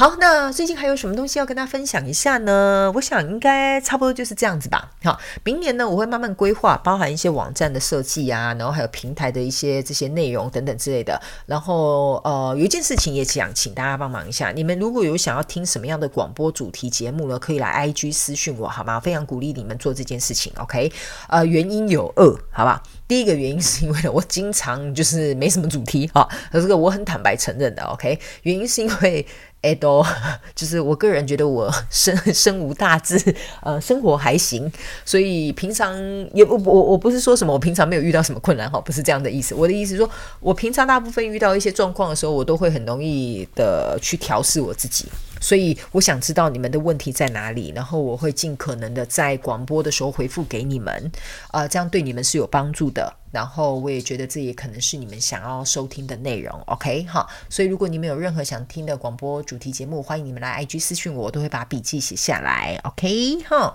好，那最近還有什麼東西要跟大家分享一下呢？我想應該差不多就是這樣子吧。好，明年呢，我會慢慢規劃，包含一些網站的設計啊，然後還有平台的一些這些內容等等之類的。然後呃，有一件事情也想請大家幫忙一下，你們如果有想要聽什麼樣的廣播主題節目呢，可以來 IG 私訊我好嗎？非常鼓勵你們做這件事情。OK，呃，原因有二，好吧。第一個原因是因為呢我經常就是沒什麼主題哈，這個我很坦白承認的。OK，原因是因為。哎，都 就是我個人覺得我身身無大志，呃，生活還行，所以平常也不我，我不是說什麼我平常沒有遇到什麼困難哈，不是這樣的意思，我的意思是說我平常大部分遇到一些狀況的時候，我都會很容易的去調適我自己。所以我想知道你們的問題在哪裡，然後我會盡可能的在廣播的時候回復給你們，啊、呃，這樣對你們是有幫助的。然後我也覺得這也可能是你們想要收聽的內容，OK 哈。所以如果你們有任何想聽的廣播主題節目，歡迎你們來 IG 私訊我，我都會把筆記寫下來，OK 哈。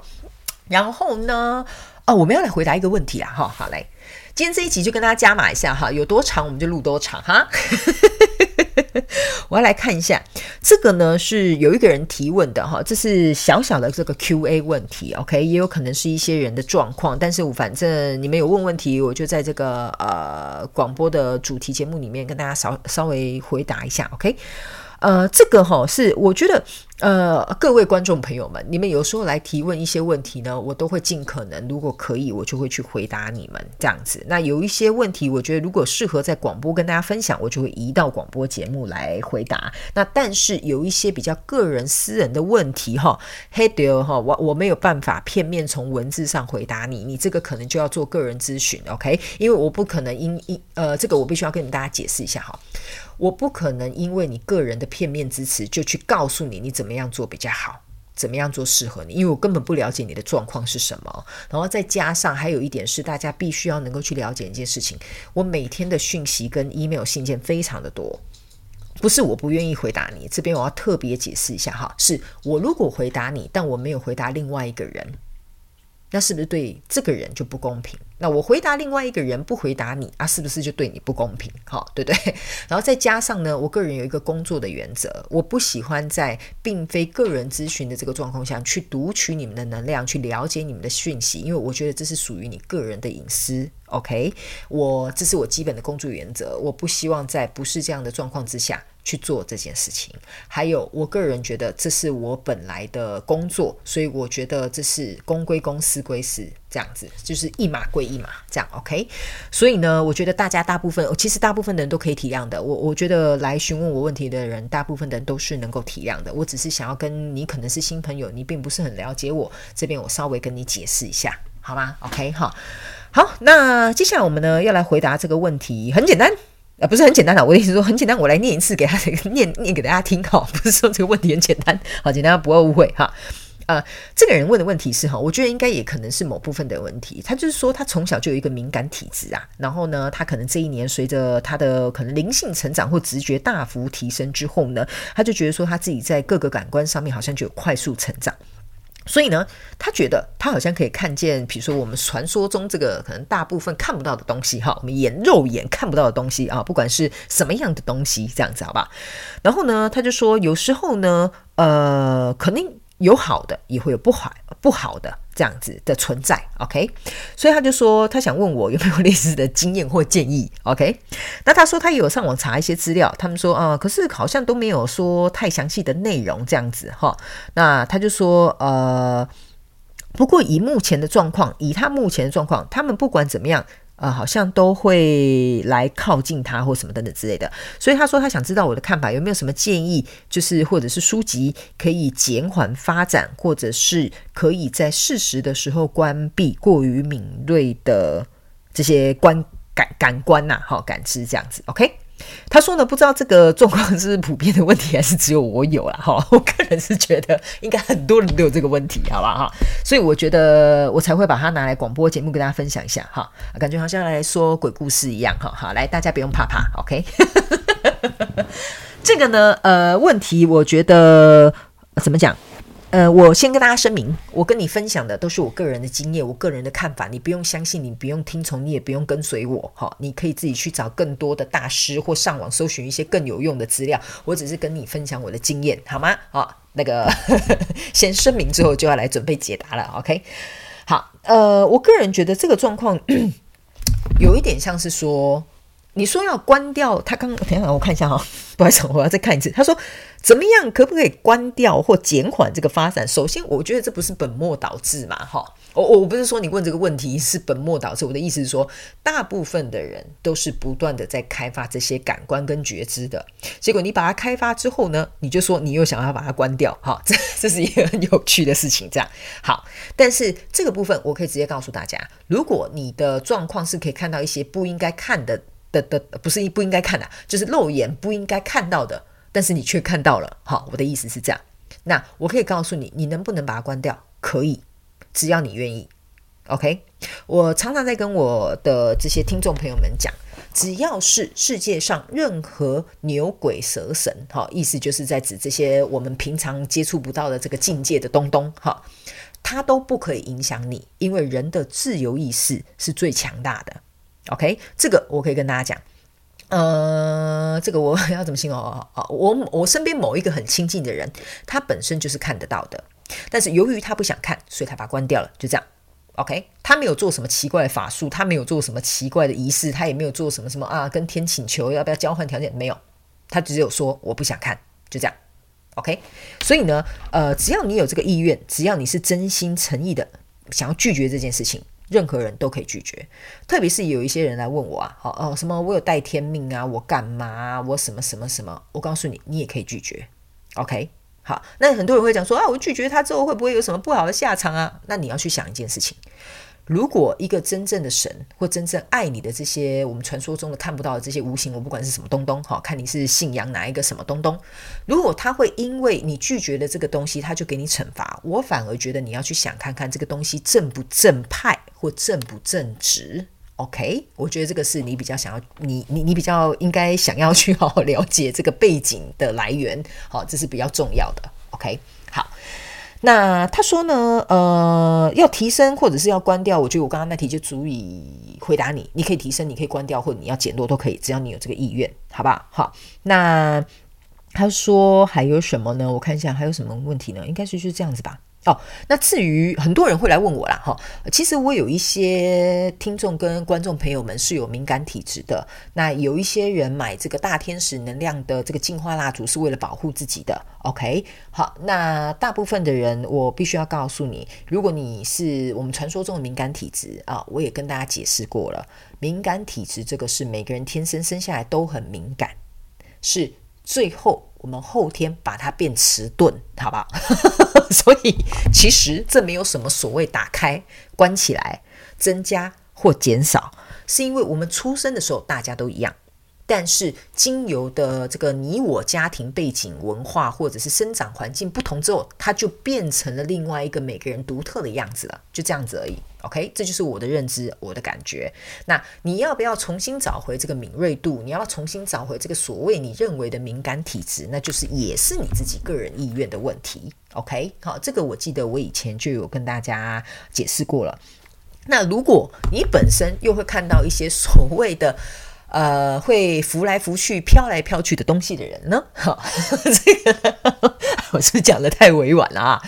然後呢，哦，我們要來回答一個問題啊，哈，好嘞，今天這一集就跟大家加碼一下哈，有多長我們就錄多長哈。 我要來看一下，這個呢是有一個人提問的哈，這是小小的這個 QA 問題，OK，也有可能是一些人的狀況，但是我反正你們有問問題，我就在這個呃廣播的主題節目裡面跟大家稍稍微回答一下，OK。呃，這個哈是我覺得，呃，各位觀眾朋友們，你們有時候來提問一些問題呢，我都會盡可能，如果可以，我就會去回答你們這樣子。那有一些問題，我覺得如果適合在廣播跟大家分享，我就會移到廣播節目來回答。那但是有一些比較個人私人的問題哈，嘿對哈，我我沒有辦法片面從文字上回答你，你這個可能就要做個人諮詢，OK？因為我不可能因因呃，這個我必須要跟你大家解釋一下哈。我不可能因為你個人的片面之詞，就去告訴你你怎麼樣做比較好，怎麼樣做適合你，因為我根本不了解你的狀況是什麼。然後再加上還有一點是，大家必須要能夠去了解一件事情，我每天的訊息跟 email 信件非常的多。不是我不願意回答你，這邊我要特別解釋一下哈，是我如果回答你，但我沒有回答另外一個人，那是不是對這個人就不公平？那我回答另外一個人，不回答你啊，是不是就對你不公平？哈、哦，對不對？然後再加上呢，我個人有一個工作的原則，我不喜歡在並非個人諮詢的這個狀況下，去讀取你們的能量，去了解你們的訊息，因為我覺得這是屬於你個人的隱私。OK，我這是我基本的工作原則，我不希望在不是這樣的狀況之下去做這件事情。還有，我個人覺得這是我本來的工作，所以我覺得這是公歸公，私歸私。這樣子就是一碼歸一碼，這樣 OK。所以呢，我覺得大家大部分，其實大部分的人都可以體諒的。我我覺得來詢問我問題的人，大部分的人都是能夠體諒的。我只是想要跟你，可能是新朋友，你並不是很了解我，這邊我稍微跟你解釋一下，好嗎？OK，好，好。那接下來我們呢，要來回答這個問題，很簡單啊，呃，不是很簡單的啊。我的意思說很簡單，我來念一次給他，念念給大家聽，好，不是說這個問題很簡單，好簡單，請大家不要誤會哈。呃，這個人問的問題是哈，我覺得應該也可能是某部分的問題。他就是說，他從小就有一個敏感體質啊，然後呢，他可能這一年隨着他的可能靈性成長或直覺大幅提升之後呢，他就覺得說他自己在各個感官上面好像就有快速成長，所以呢，他覺得他好像可以看見，比如說我們傳說中這個可能大部分看不到的東西哈，我們眼肉眼看不到的東西啊，不管是什麼樣的東西，這樣子好吧？然後呢，他就說有時候呢，呃，肯定。有好的，也會有不好不好的這樣子的存在，OK？所以他就說，他想問我有沒有類似的經驗或建議，OK？那他說他也有上網查一些資料，他們說啊、呃，可是好像都沒有說太詳細的內容這樣子齁。那他就說，呃，不過以目前的狀況，以他目前的狀況，他們不管怎麼樣。呃，好像都會來靠近他或什麼等等之類的，所以他說他想知道我的看法，有沒有什麼建議，就是或者是書籍可以減緩發展，或者是可以在適時的時候關閉過於敏銳的這些觀感感官吶、啊，好感知這樣子，OK。他說呢，不知道這個狀況是、是普遍的問題還是只有我有啦，哈，我個人是覺得應該很多人都有這個問題，好不好哈，所以我覺得我才會把它拿來廣播節目跟大家分享一下，哈，感覺好像來說鬼故事一樣，哈，好，來大家不用怕怕，OK， 這個呢，呃，問題我覺得、呃、怎麼講？呃，我先跟大家聲明，我跟你分享的都是我個人的經驗，我個人的看法，你不用相信，你不用聽從，你也不用跟隨我，哈、哦，你可以自己去找更多的大師，或上網搜尋一些更有用的資料。我只是跟你分享我的經驗，好嗎？啊、哦，那個呵呵先聲明之後，就要來準備解答了。OK，好，呃，我個人覺得這個狀況有一點像是說。你說要關掉他剛，等一下，我看一下哈，不好意思，我要再看一次。他說，怎麼樣，可不可以關掉或減緩這個發展？首先，我覺得這不是本末倒置嘛，哈、哦。我我不是說你問這個問題是本末倒置，我的意思是說，大部分的人都是不斷的在開發這些感官跟覺知的。結果你把它開發之後呢，你就說你又想要把它關掉，哈、哦，這這是一個很有趣的事情。這樣好，但是這個部分我可以直接告訴大家，如果你的狀況是可以看到一些不應該看的。的的不是不應該看的、啊，就是肉眼不應該看到的，但是你卻看到了。好，我的意思是這樣。那我可以告訴你，你能不能把它關掉？可以，只要你願意。OK，我常常在跟我的這些聽眾朋友們講，只要是世界上任何牛鬼蛇神，哈，意思就是在指這些我們平常接觸不到的這個境界的東東，哈，它都不可以影響你，因為人的自由意識是最強大的。OK，這個我可以跟大家講，呃，這個我要怎麼形容啊？啊，我我身邊某一個很親近的人，他本身就是看得到的，但是由於他不想看，所以他把它關掉了，就這樣。OK，他沒有做什麼奇怪的法術，他沒有做什麼奇怪的儀式，他也沒有做什麼什麼啊，跟天請求要不要交換條件，沒有，他只有說我不想看，就這樣。OK，所以呢，呃，只要你有這個意願，只要你是真心誠意的想要拒絕這件事情。任何人都可以拒絕，特別是有一些人來問我啊，好哦，什麼我有帶天命啊，我幹嘛啊，我什麼什麼什麼，我告訴你，你也可以拒絕，OK？好，那很多人會講說啊，我拒絕他之後會不會有什麼不好的下場啊？那你要去想一件事情。如果一個真正的神或真正愛你的這些我們傳說中的看不到的這些無形，我不管是什麼東東，哈，看你是信仰哪一個什麼東東。如果他會因為你拒絕了這個東西，他就給你懲罰，我反而覺得你要去想看看這個東西正不正派或正不正直。OK，我覺得這個是你比較想要，你、你、你比較應該想要去好好了解這個背景的來源，好，這是比較重要的。OK，好。那他說呢？呃，要提升或者是要關掉？我覺得我剛剛那題就足以回答你。你可以提升，你可以關掉，或者你要減弱都可以，只要你有這個意願，好吧？好，那他說還有什麼呢？我看一下還有什麼問題呢？應該是是這樣子吧。哦，那至於很多人會來問我啦，哈，其實我有一些聽眾跟觀眾朋友們是有敏感體質的，那有一些人買這個大天使能量的這個淨化蠟燭是為了保護自己的，OK？好，那大部分的人，我必須要告訴你，如果你是我們傳說中的敏感體質啊，哦，我也跟大家解釋過了，敏感體質這個是每個人天生生下來都很敏感，是。最後，我們後天把它變遲鈍，好不好？ 所以，其實這沒有什麼所謂打開、關起來、增加或減少，是因為我們出生的時候大家都一樣，但是經由的這個你我家庭背景、文化或者是生長環境不同之後，它就變成了另外一個每個人獨特的樣子了，就這樣子而已。OK，這就是我的認知，我的感覺。那你要不要重新找回這個敏銳度？你要不要重新找回這個所謂你認為的敏感體質，那就是也是你自己個人意願的問題。OK，好，這個我記得我以前就有跟大家解釋過了。那如果你本身又會看到一些所謂的呃會浮來浮去、飄來飄去的東西的人呢？好，呵呵這個呵呵我是講得太委婉了啊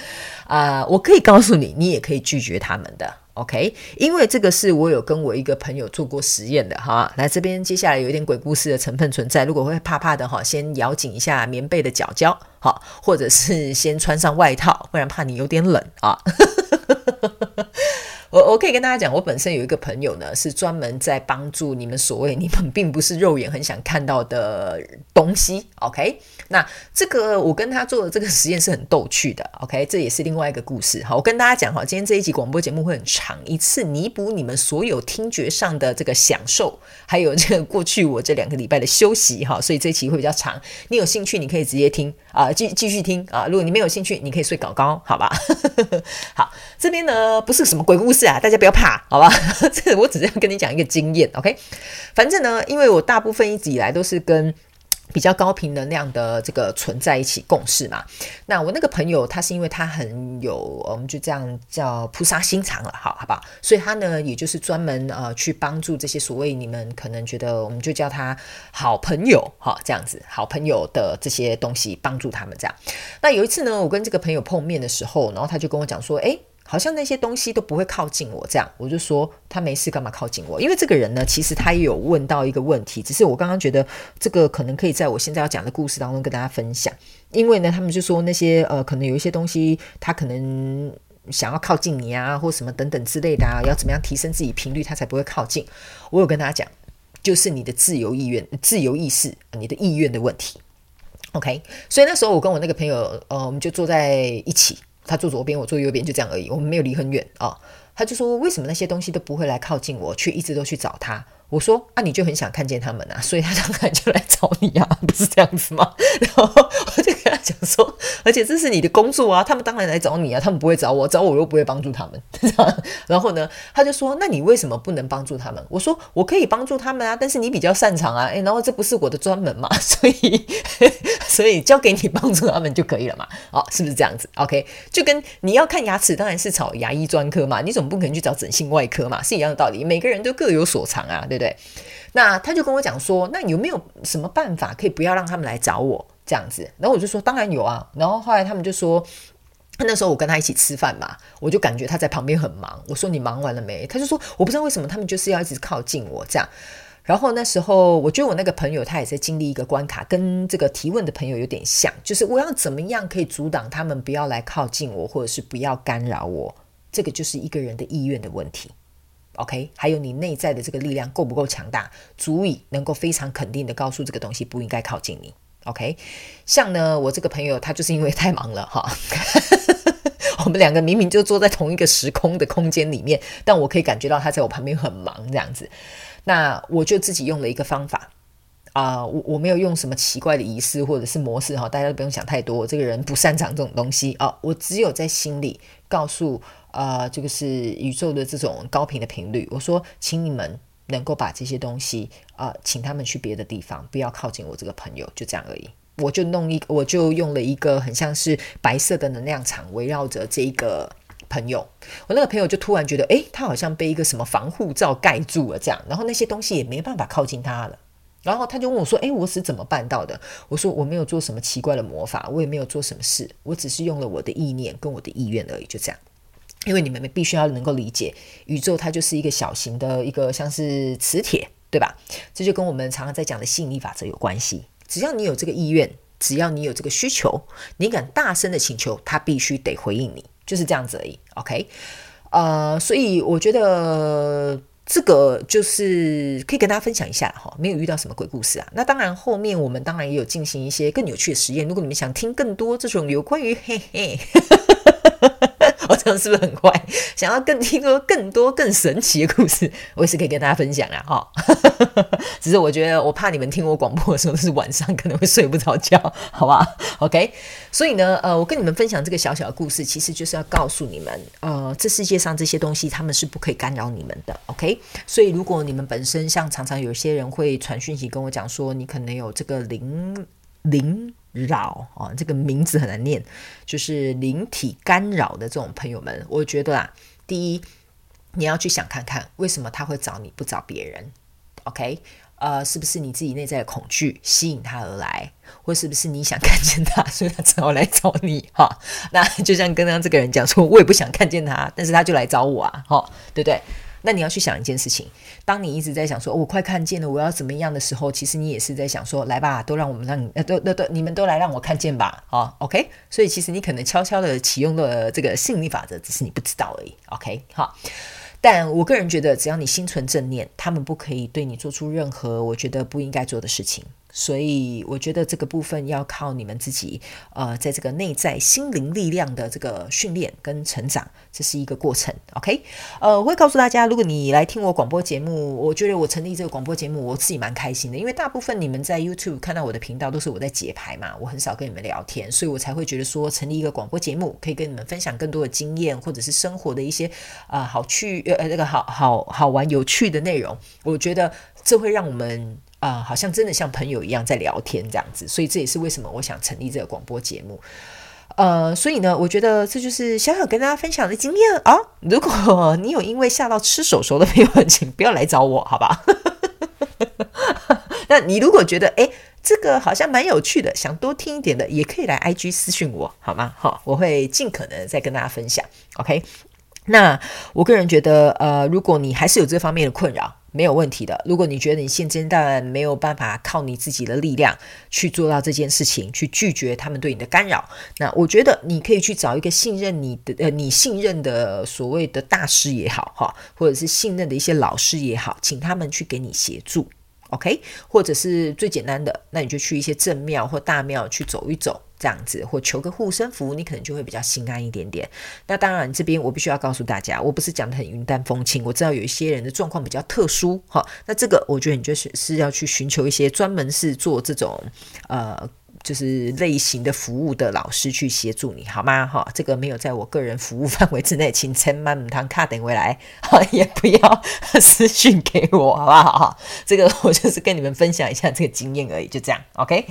啊、呃！我可以告訴你，你也可以拒絕他們的。OK，因為這個是我有跟我一個朋友做過實驗的哈。來這邊，接下來有一點鬼故事的成分存在，如果會怕怕的哈，先咬緊一下棉被的角角，好，或者是先穿上外套，不然怕你有點冷啊。 我我可以跟大家講，我本身有一個朋友呢，是專門在幫助你們所謂你們並不是肉眼很想看到的東西，OK？那這個我跟他做的這個實驗是很逗趣的，OK？這也是另外一個故事哈。我跟大家講哈，今天這一集廣播節目會很長，一次彌補你們所有聽覺上的這個享受，還有這個過去我這兩個禮拜的休息哈，所以這一期會比較長。你有興趣，你可以直接聽。啊，繼繼續聽啊！如果你沒有興趣，你可以睡覺覺，好吧？ 好，這邊呢，不是什麼鬼故事啊，大家不要怕，好吧？ 這我只是要跟你講一個經驗，OK？反正呢，因為我大部分一直以來都是跟。比較高頻能量的這個存在一起共事嘛，那我那個朋友他是因為他很有我們就這樣叫菩薩心腸了，好好不好？所以他呢，也就是專門呃去幫助這些所謂你們可能覺得我們就叫他好朋友哈，好這樣子好朋友的這些東西幫助他們這樣。那有一次呢，我跟這個朋友碰面的時候，然後他就跟我講說，誒、欸……好像那些東西都不會靠近我，這樣。我就說他沒事幹嘛靠近我？因為這個人呢，其實他也有問到一個問題，只是我剛剛覺得這個可能可以在我現在要講的故事當中跟大家分享。因為呢，他們就說那些呃，可能有一些東西，他可能想要靠近你啊，或什麼等等之類的啊，要怎麼樣提升自己頻率，他才不會靠近。我有跟大家講，就是你的自由意願、自由意識、你的意願的問題。OK，所以那時候我跟我那個朋友，呃，我們就坐在一起。他坐左邊，我坐右邊，就這樣而已。我們沒有離很遠啊，哦。他就說，為什麼那些東西都不會來靠近我，卻一直都去找他？我說，啊，你就很想看見他們啊，所以他當然就來找你啊，不是這樣子嗎？ 然後我就。想說，而且這是你的工作啊，他們當然來找你啊，他們不會找我，找我又不會幫助他們。然後呢，他就說，那你為什麼不能幫助他們？我說，我可以幫助他們啊，但是你比較擅長啊，誒、欸，然後這不是我的專門嘛，所以， 所以交給你幫助他們就可以了嘛，哦，是不是這樣子？OK，就跟你要看牙齒，當然是找牙醫專科嘛，你總不可能去找整形外科嘛，是一樣的道理，每個人都各有所長啊，對不對？那他就跟我講說，那有沒有什麼辦法可以不要讓他們來找我？這樣子，然後我就說當然有啊。然後後來他們就說，那時候我跟他一起吃飯嘛，我就感覺他在旁邊很忙。我說你忙完了沒？他就說我不知道為什麼他們就是要一直靠近我這樣。然後那時候我覺得我那個朋友他也在經歷一個關卡，跟這個提問的朋友有點像，就是我要怎麼樣可以阻擋他們不要來靠近我，或者是不要干擾我？這個就是一個人的意願的問題。OK，還有你內在的這個力量夠不夠強大，足以能夠非常肯定地告訴這個東西不應該靠近你。OK，像呢，我這個朋友他就是因為太忙了哈，我們兩個明明就坐在同一個時空的空間裡面，但我可以感覺到他在我旁邊很忙這樣子。那我就自己用了一個方法啊、呃，我我沒有用什麼奇怪的儀式或者是模式哈，大家都不用想太多，我這個人不擅長這種東西啊、呃。我只有在心裡告訴啊，這、呃、個、就是宇宙的這種高頻的頻率，我說，請你們。能夠把這些東西啊、呃，請他們去別的地方，不要靠近我這個朋友，就這樣而已。我就弄一，我就用了一個很像是白色的能量場圍繞着這一個朋友。我那個朋友就突然覺得，誒，他好像被一個什麼防護罩蓋住了，這樣，然後那些東西也沒辦法靠近他了。然後他就問我說，誒，我是怎麼辦到的？我說我沒有做什麼奇怪的魔法，我也沒有做什麼事，我只是用了我的意念跟我的意願而已，就這樣。因為你們必須要能夠理解，宇宙它就是一個小型的一個像是磁鐵，對吧？這就跟我們常常在講的吸引力法則有關係。只要你有這個意願，只要你有這個需求，你敢大聲的請求，它必須得回應你，就是這樣子而已。OK，呃，所以我覺得這個就是可以跟大家分享一下哈，沒有遇到什麼鬼故事啊。那當然，後面我們當然也有進行一些更有趣的實驗。如果你們想聽更多這種有關於嘿嘿。 好像、哦、是不是很快？想要更聽更多更神奇的故事，我也是可以跟大家分享啊！哈、哦， 只是我覺得我怕你們聽我廣播的時候是晚上可能會睡不着覺，好不好？OK，所以呢，呃，我跟你們分享這個小小的故事，其實就是要告訴你們，呃，這世界上這些東西他們是不可以干擾你們的，OK。所以如果你們本身像常常有些人會傳訊息跟我講說，你可能有這個零零。擾啊、哦，這個名字很難念，就是靈體干擾的這種朋友們，我覺得啊，第一你要去想看看，為什麼他會找你不找別人，OK？呃，是不是你自己內在的恐懼吸引他而來，或是不是你想看見他，所以他只好來找你？哈、哦，那就像剛剛這個人講說，我也不想看見他，但是他就來找我啊，哈、哦，對不對？那你要去想一件事情，當你一直在想說、哦“我快看見了，我要怎麼樣的時候”，其實你也是在想說“來吧，都讓我們讓你，呃、都都都你們都來讓我看見吧”啊，OK？所以其實你可能悄悄的啟用了這個吸引力法則，只是你不知道而已，OK？好，但我個人覺得，只要你心存正念，他們不可以對你做出任何我覺得不應該做的事情。所以，我覺得這個部分要靠你們自己，呃，在這個內在心靈力量的這個訓練跟成長，這是一個過程，OK？呃，我會告訴大家，如果你來聽我廣播節目，我覺得我成立這個廣播節目，我自己蠻開心的，因為大部分你們在 YouTube 看到我的頻道都是我在解牌嘛，我很少跟你們聊天，所以我才會覺得說，成立一個廣播節目，可以跟你們分享更多的經驗或者是生活的一些啊、呃，好趣呃這個好好好玩有趣的內容，我覺得這會讓我們。啊、呃，好像真的像朋友一樣在聊天這樣子，所以這也是為什麼我想成立這個廣播節目。呃，所以呢，我覺得這就是小小跟大家分享的經驗啊。如果你有因為嚇到吃手手的朋友，請不要來找我，好吧？ 那你如果覺得誒、欸，這個好像蠻有趣的，想多聽一點的，也可以來 I G 私訊我，好嗎？好、哦，我會盡可能再跟大家分享。OK，那我個人覺得，呃，如果你還是有這方面的困擾，沒有問題的。如果你覺得你現階段沒有辦法靠你自己的力量去做到這件事情，去拒絕他們對你的干擾，那我覺得你可以去找一個信任你的、呃，你信任的所謂的大師也好，哈，或者是信任的一些老師也好，請他們去給你協助。OK，或者是最簡單的，那你就去一些正廟或大廟去走一走，這樣子或求個護身符，你可能就會比較心安一點點。那當然，這邊我必須要告訴大家，我不是講得很雲淡風輕，我知道有一些人的狀況比較特殊，哈，那這個我覺得你就是是要去尋求一些專門是做這種呃。就是類型的服務的老師去協助你，好嗎？哈，這個沒有在我個人服務範圍之內，請千萬卡等回來，哈，也不要私信給我，好不好？哈，這個我就是跟你們分享一下這個經驗而已，就這樣。OK，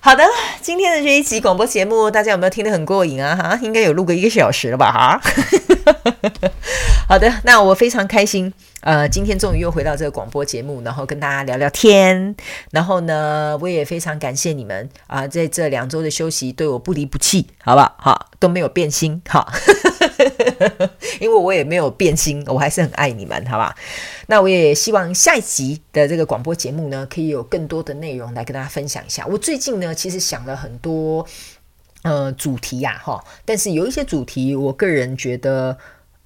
好的，今天的這一集廣播節目，大家有沒有聽得很過癮啊？哈，應該有錄個一個小時了吧？哈、啊。 好的，那我非常開心。呃，今天終於又回到這個廣播節目，然後跟大家聊聊天。然後呢，我也非常感謝你們啊，呃，在這兩周的休息，對我不離不棄，好不好？都沒有變心，哈， 因為我也沒有變心，我還是很愛你們，好吧？那我也希望下一集的這個廣播節目呢，可以有更多的內容來跟大家分享一下。我最近呢，其實想了很多。呃，主題呀、啊，哈，但是有一些主題，我個人覺得，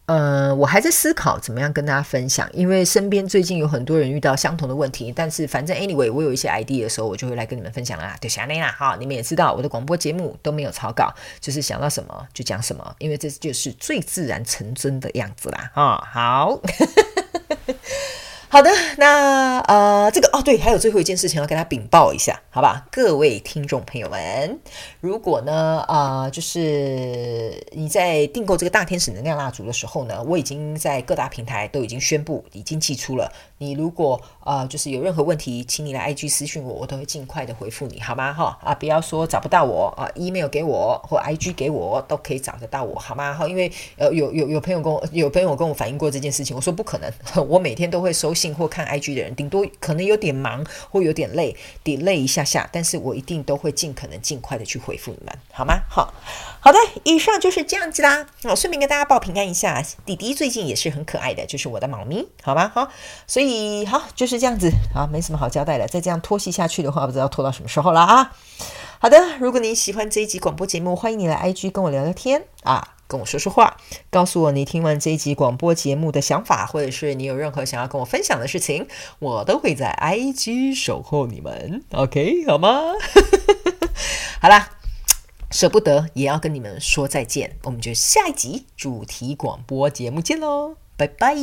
呃，我還在思考怎麼樣跟大家分享，因為身邊最近有很多人遇到相同的問題，但是反正 anyway，我有一些 idea 的時候，我就會來跟你們分享、啊就是、啦。對，夏妮啦。哈，你們也知道，我的廣播節目都沒有草稿，就是想到什麼就講什麼，因為這就是最自然成真的樣子啦，哈，好。 好的，那呃，這個哦，對，還有最後一件事情要跟大家稟報一下，好吧？各位聽眾朋友們，如果呢，啊、呃，就是你在訂購這個大天使能量蠟燭的時候呢，我已經在各大平台都已經宣布，已經寄出了。你如果啊、呃、就是有任何問題，請你來 I G 私訊我，我都會盡快的回復你，好嗎？哈、哦，啊，不要說找不到我啊，email 給我或 I G 給我都可以找得到我，好嗎？哈、哦，因為呃，有有有朋友跟我有朋友跟我反映過這件事情，我說不可能，我每天都會收。或看 IG 的人，頂多可能有點忙，或有點累，delay 一下下。但是我一定都會盡可能盡快的去回復你們，好嗎？好好的，以上就是這樣子啦。我順便跟大家報平安一下，弟弟最近也是很可愛的，就是我的貓咪，好嗎？好，所以好就是這樣子好，沒什麼好交代的。再這樣拖戲下去的話，不知道拖到什麼時候了啊。好的，如果你喜歡這一集廣播節目，歡迎你來 IG 跟我聊聊天啊。跟我說說話，告訴我你聽完這一集廣播節目的想法，或者是你有任何想要跟我分享的事情，我都會在 IG 守候你們，OK 好嗎？ 好啦，舍不得也要跟你們說再見，我們就下一集主題廣播節目見嘍，拜拜。